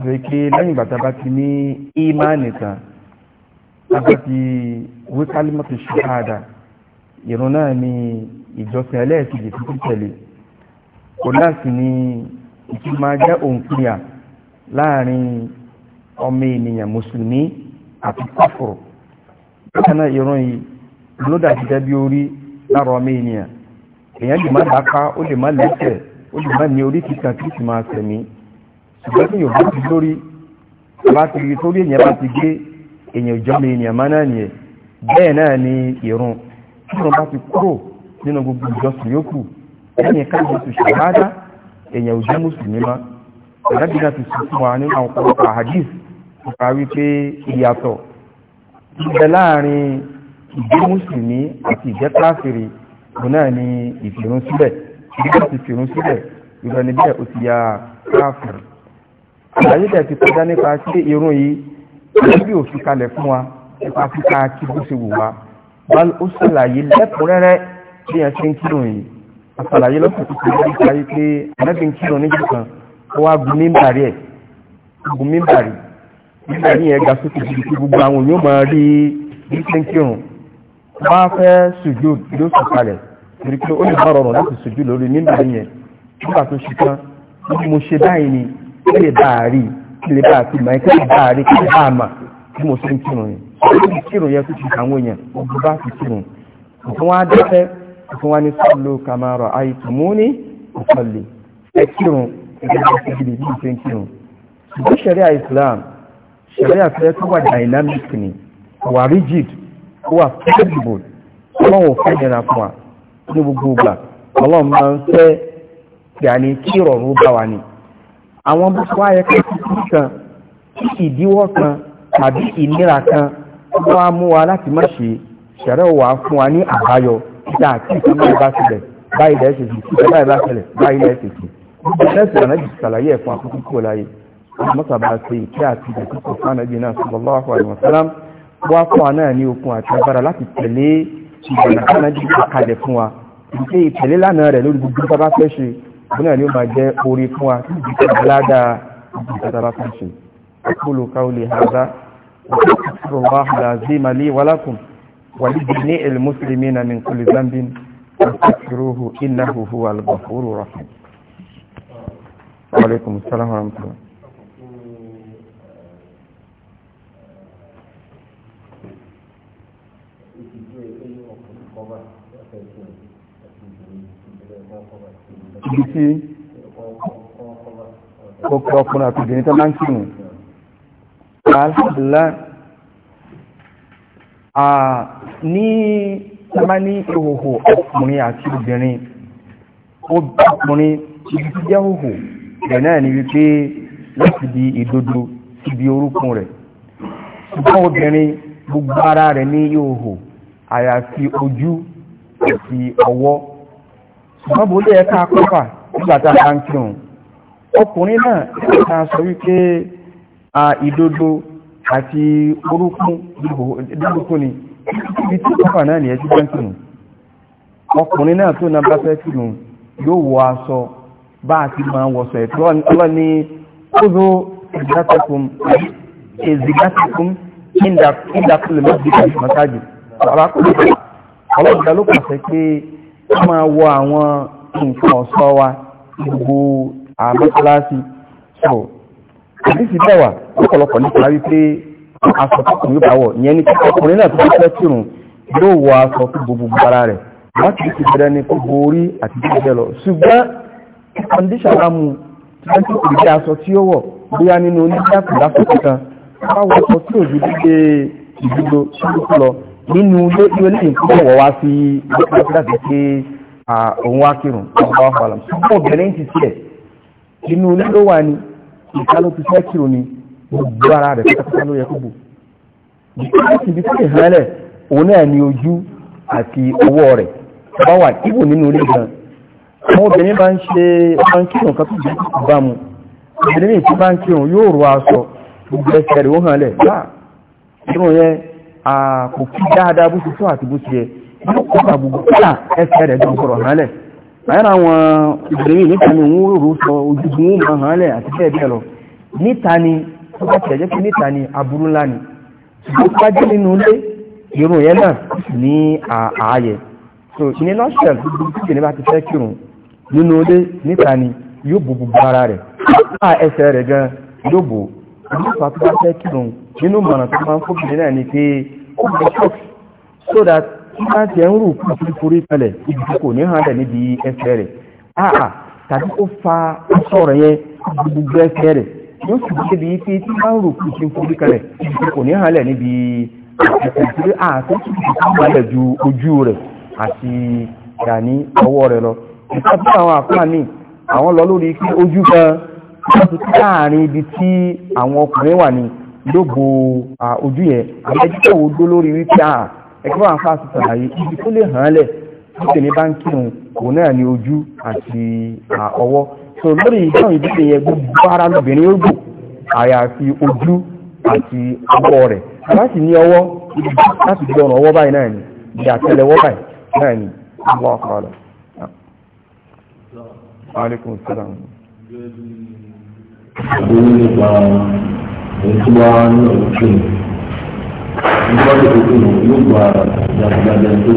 sọ pé lẹ́yìn ìgbàta bá ti ní ìmáànì kan láti ti wí kálímọ̀tì ṣáàdà ìrun náà ni ìjọsìn ẹlẹ́ẹ̀kejì tó ti tẹ̀lé kò náà sì ni ìtumá jẹ́ òǹkìyà láàrin ọmọ ènìyàn mùsùlùmí àti kọfùrù bákan náà ìrun yìí ló dàbí dẹ́bí orí lára ọmọ ènìyàn èèyàn lè má dáká ó lè má lẹ́sẹ̀ ó lè má ní orí kíkan tí sì máa sẹ̀mí ìgbẹ́sìn yóò bá ti lórí bá ti rí torí èèyàn bá ti gé èèyàn ìjọba ènìyàn máa náà nìyẹn bẹ́ẹ̀ náà ni ìrun ìrun bá ti kúrò nínú gbogbo ìjọsìn yòókù ẹ̀yìn káàkiri ti ṣàmádá èèyàn òjò mùsùlùmí má ìdájú náà ti sọ fún wa nínú àwọn ọ̀pọ̀lọpọ̀ hadith nípa wípé ìyàtọ̀ ìbẹ̀ láàrin ìjọ mùsùlùmí àti ìjẹ́ káàkiri òun náà ni ìfìrún sílẹ̀ ìjọba ti fìrún sílẹ̀ ìrọ̀lẹ́bẹ̀ ó ti ya káàkiri àyíkẹ́ ti kọjá nípa sí irun yìí níbi òfin kalẹ̀ fún wa nípa fíka kí bó ṣe wù wá bal ó ṣàlàyé lẹ́kùnrẹ́rẹ́ bí ẹ ṣe ń kírun yìí àṣàlàyé lọ́sẹ̀ tó ti rí ìgbà yìí pé ànábì ń kírun níbi kan ó wá gun mímbàrí ẹ̀ gun mímbàrí mímbàrí yẹn ga sókè ju ti gbogbo àwọn yóò máa rí bí ṣe ń kírun wọ́n á fẹ́ sùjú kí lè bá a rí kí lè bá a fi máa kí lè bá a rí kí bá a mà bí mo ṣe ń kírun yẹn ó ti kírun yẹn tó ti àwọn èèyàn gbogbo bá fi kírun ìfún wa dáfẹ́ ìfún wa ní sọ́ọ̀lù kàmáàrọ̀ àìtùmúní ìsọ̀lẹ̀ ẹ kírun ìgbésẹ̀ ti di bí ìfẹ́ kírun ṣùgbọ́n ṣẹ̀ríà Islam ṣẹ̀ríà fẹ́ tó wà dynamic ni wà rigid wà flexible ọlọ́run ò fẹ́ nira fún wa ní gbogbo ìgbà ọlọ́run máa ń fẹ́ kí a ní kí ìrọ̀rùn bá wa ni àwọn bó ṣe wáyé kan títí kan ìdíwọ́ kan tàbí ìnira kan wọ́n á mú wa láti má ṣe ṣẹ̀rẹ̀ wà fún wa ní àbáyọ títà àti ìtàmọ́ ìbá sílẹ̀ báyìí lẹ́ ṣèṣì títà báyìí bá ṣẹlẹ̀ báyìí lẹ́ ṣèṣì lẹ́sìn ànájì ṣàlàyé ẹ̀fún àkókò kò láyé mọ́sàbà ṣe ìkẹ́ àti ìdẹ̀kùkù fún ànájì náà sallallahu alaihi wasallam wá fún wa náà ní okun àti agbára láti tẹ̀lé ìgbọ̀nà ànájì kalẹ̀ fún wa ìṣe ìtẹ̀lé lánàá rẹ̀ lórí gbogbo bá fẹ́ ṣe ọ̀nà ni ó máa jẹ́ orí fún wa kí ìjọba ládàá ìjọba kan ṣe أقول قولي هذا وأستغفر الله العظيم لي ولكم ولجميع المسلمين من كل ذنب فاستغفروه إنه هو الغفور الرحيم وعليكم السلام ورحمة الله ibi tí ọkọ̀ ọkùnrin àti obìnrin tó máa ń kírun alhamdulillah ní ọmọ ní ìhòhò ọkùnrin àti obìnrin ọkùnrin ibi tí jẹ́ hòhò rẹ̀ náà ni wípé láti di ìdodo síbi orúkún rẹ̀ ṣùgbọ́n obìnrin gbogbo ara rẹ̀ ní ìhòhò àyàfi ojú àti ọwọ́ wọ́n bó lé ẹ̀ka akọ́fà nígbàtà hankirun ọkùnrin náà ta sọ wípé a ìdodo àti orúkún dúdúkún ni ibi tí kọ́fà náà ni ẹjú bẹ́ńkìrùn ọkùnrin náà tó na bá fẹ́ kìrùn yóò wọ aṣọ bá àti máa wọ̀sọ̀ ẹ̀tọ́ ọlọ́ni kóso ìdásẹ́kùn ìzìgásẹ́kùn ìdàkùnlẹ̀ mọ́síkà mọ́sájì ọlọ́gbà ló pàṣẹ pé wọ́n máa wọ àwọn nǹkan ọ̀ṣọ́ wa gbogbo àmọ́kọ́láṣí so àdísì bẹ́wà ọ̀pọ̀lọpọ̀ nípa wípé aṣọ tókùn yóò báwọ̀ ìyẹn ni ọkùnrin náà tó bá fẹ́ kírun yóò wọ aṣọ fún gbogbo ara rẹ̀ wọ́n ti ti bẹ̀rẹ̀ ní gbogbo orí àti bẹ́ẹ̀ lọ ṣùgbọ́n kọ́ndíṣàn lámú tí wọ́n ti pè aṣọ tí ó wọ̀ bóyá nínú oníṣẹ́ àkùnrin lásìkò kan báwo sọ tí òjú dídé ìdúró ṣílùkù nínú ilé ilé ìkókò wọ́n wá sí láti ṣe òun wá kírun ọba ọ̀fàlà ṣùgbọ́n obìnrin ti sílẹ̀ nínú ilé ló wà ní ìka ló ti fẹ́ kírun ni gbogbo ara rẹ̀ pátápátá ló yẹ kó bò láti ibi tí ìhánlẹ̀ òun náà ni ojú àti ọwọ́ rẹ̀ bá kò kí dáadáa bó ti tó àti bó ti yẹ yóò kọ́ àbùgbò kọ́là ẹsẹ̀ rẹ̀ dùn sọ̀rọ̀ hàn àyàrá àwọn ìbìrìn níta ni òun rò sọ ojúgun ó máa hàn lẹ̀ àti bẹ́ẹ̀ bẹ́ẹ̀ lọ níta ni tó bá tẹ̀jẹ́ pé níta ni aburú ńlá ni ṣùgbọ́n tó bá jẹ́ nínú ilé irun yẹn náà ní ààyè so ní nọ́ṣẹ̀l tó ti ní bá ti fẹ́ kírun nínú ilé níta ni yóò bò gbogbo ara rẹ̀ ẹsẹ̀ rẹ̀ gan àmọ́ ìfà tó bá fẹ́ kírun nínú mọ̀nà tó máa ń fóbìnrin náà ni pé ó bọ̀ ṣọ́ọ̀kì so that tí bá ti ẹ̀ ń rù kú sí forí pẹ̀lẹ̀ ibi tí kò ní hàndẹ̀ níbi ẹsẹ̀ rẹ̀ àà tàbí ó fa aṣọ rẹ̀ yẹn gbogbo ẹsẹ̀ rẹ̀ yóò sì gbé bí pé tí bá ń rù kú sí forí pẹ̀lẹ̀ ibi tí kò ní hàndẹ̀ níbi ẹsẹ̀ tí àti tí kò balẹ̀ ju ojú rẹ̀ àti ìyà ní ọwọ́ rẹ̀ lọ ìfẹ́ àwọn àkúrà míì àwọn lọ lórí ojú gan láti láàrin ibi tí àwọn ọkùnrin wà ní lóbo ojú yẹn àbẹ́jọ́ wo dó lórí wípé à ẹgbẹ́ wọn fà sí sàlàyé ibi tó lè hàn án lẹ̀ tó tẹ̀lé báńkì òun òun náà ní ojú àti ọwọ́ so lórí ìdáhùn ìdíje yẹn gbogbo ara lóbìnrin ó gbò àyàfi ojú àti ọwọ́ rẹ̀ láti ní ọwọ́ láti gbé ọ̀nà ọwọ́ báyìí náà ni ìdí àtẹ́lẹwọ́ báyìí náà ni ọwọ́ ọkọ̀ rẹ̀. Alaikum salaam àbúrò nípa ìtura ní òkè nípa òkè yóò gba jàdùjàdù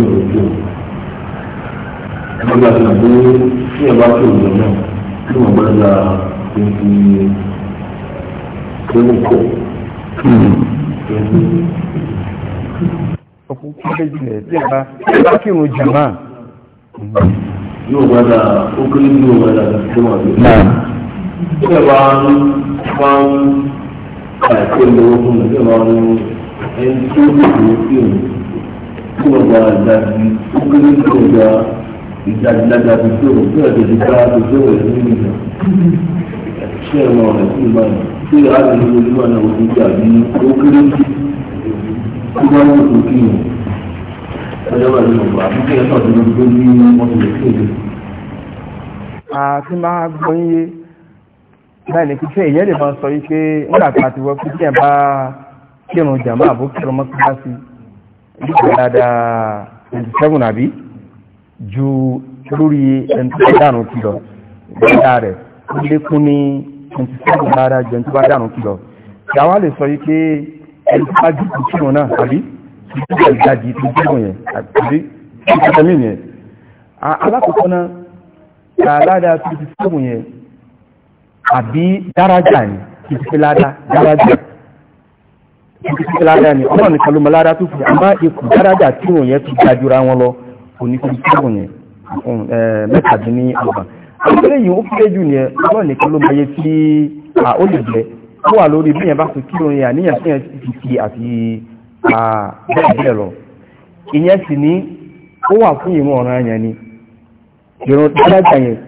tó ní òkè nígbà tó dé tí ẹ bá tó ìlú náà tí wọn bá gba ìdí tó ní kọ. ọkùnrin méjì lẹ̀ tí ẹ bá kírun jàmáà. yóò gbádà ó kéré ní òun gbádà tó wà lórí tí ẹ bá ń bá ń àìpé lówó fún mi tí ẹ bá ń ẹni tí ó kò lówó sí òun tí wọn gba ìdajì ó kéré tí wọn gba ìdajì lájà fi tó o tí ẹ tẹ̀lé ká tó tó o ẹ̀sìn mi nà tí ẹ mọ ọ̀rẹ́ sí ìgbà yẹn tí ẹ á lè ní olúwa náà ó ti gbà bí ó kéré tí ó bá ń kó kí o ọjọ́ bá yóò wà ní kí ẹ sọ̀tún ló gbé ní mọ́tò lè kéde. àti máa gbọ́ yé báyìí kí tí èyẹ́ lè máa sọ yí pé nígbàtà ti wọ́n kí tí ẹ̀ bá kírun jàmá àbó kírun mọ́síláṣí nígbà dáadáa 27 àbí ju lórí ẹni tó bá dànù kìlọ̀ dáadáa rẹ̀ ó lékún ní 27 dáadáa ju ẹni tó bá dànù kìlọ̀ ìyàwó lè sọ yí pé ẹni tó bá jùkú kírun náà àbí tó bá tó kírun yẹn àbí tó kírun yẹn alákòókò náà àbí dáradà ní ìfìládá dáradà ìfìládá ní ọmọ nìkan ló mọ́ládá tó fi àmá ikú dáradà tí wọ́n yẹn ti gbajúra wọn lọ kò ní kí wọ́n yẹn mẹ́tàdín ní ọgbà àwọn yìí ó fi léjù ní ọmọ nìkan ló mọye ni ìrún dáradà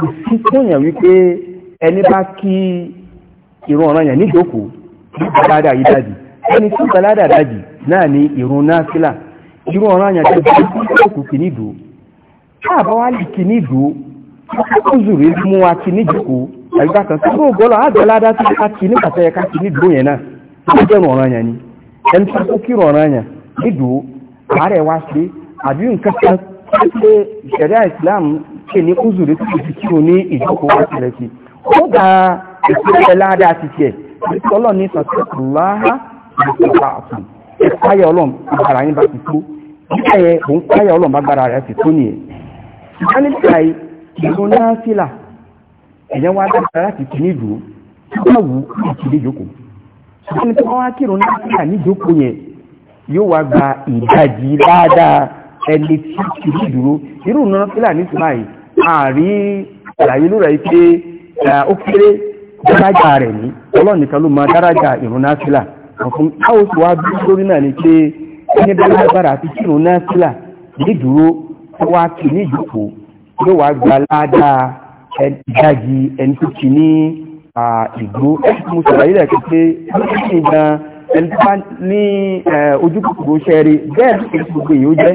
kò sí fúnyàn wípé ẹni bá kí ìrun ọ̀ràn yàn níjókòó ní balada yìí dájì ẹni tí balada dájì náà ni ìrun náfílà ìrun ọ̀ràn yàn tó bá kí ìjókòó kì ní ìdó káàbọ̀ wá lè kì ní ìdó ó zùrí mú wa kì ní ìjókòó àgbà kan sí gbogbo ọlọ́ àgbàládá tí a kì ní pàtẹ́ ẹ̀ká kì ní ìdó yẹn náà ó jẹ́ ọ̀ràn yàn ni ẹni tí ó kí pè ní kúzùrí tó ti kí o ní ìjókòó wá sílẹ̀ sí ó gba ìpínlẹ̀ ládàá ti tiẹ̀ ìtọ́lọ̀ ní sàtìláhà ìjọba àtùn ìpáyà ọlọ́run agbára yín bá ti tó nígbà yẹn òun páyà ọlọ́run agbára rẹ̀ ti tó nìyẹn ìdánilẹ́yà ìrún náà fìlà ẹ̀yẹn wá dára láti kì ní ìdúró wọ́n wù ìkìlẹ̀ ìjókòó ṣùgbọ́n ní tí wọ́n wá kírun náà fìlà ní ìjókòó yẹn yóò wá gba ìdajì dáadáa ẹni tí kì ní ìdúró irú náà fìlà ní ìsúná yìí àrí àlàyé lóra ipé ó kéré dárájà rẹ̀ ní ọlọ́nìkan ló máa dárájà ìrun náfílà ọ̀fún táwọn tó wá bí lórí náà ni pé ẹni dárábàrà àti kírun náfílà ní dúró tó wá kì ní ìjókòó yóò wá gba ládàá ìdájì ẹni tó kì ní ìgbó mo ṣàlàyé rẹ̀ pé ní ìgbà ẹni tó bá ní ojú kòkòrò ṣẹ́ẹ̀rẹ̀ bẹ́ẹ̀ ní gbogbo èyí ó jẹ́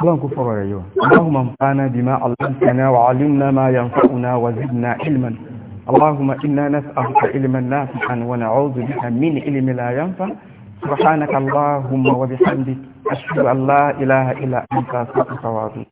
اللهم كفر أيها اللهم انفعنا بما علمتنا وعلمنا ما ينفعنا وزدنا علما اللهم إنا نسألك علما نافعا ونعوذ بك من علم لا ينفع سبحانك اللهم وبحمدك أشهد أن لا إله إلا أنت سبحانك وأتوب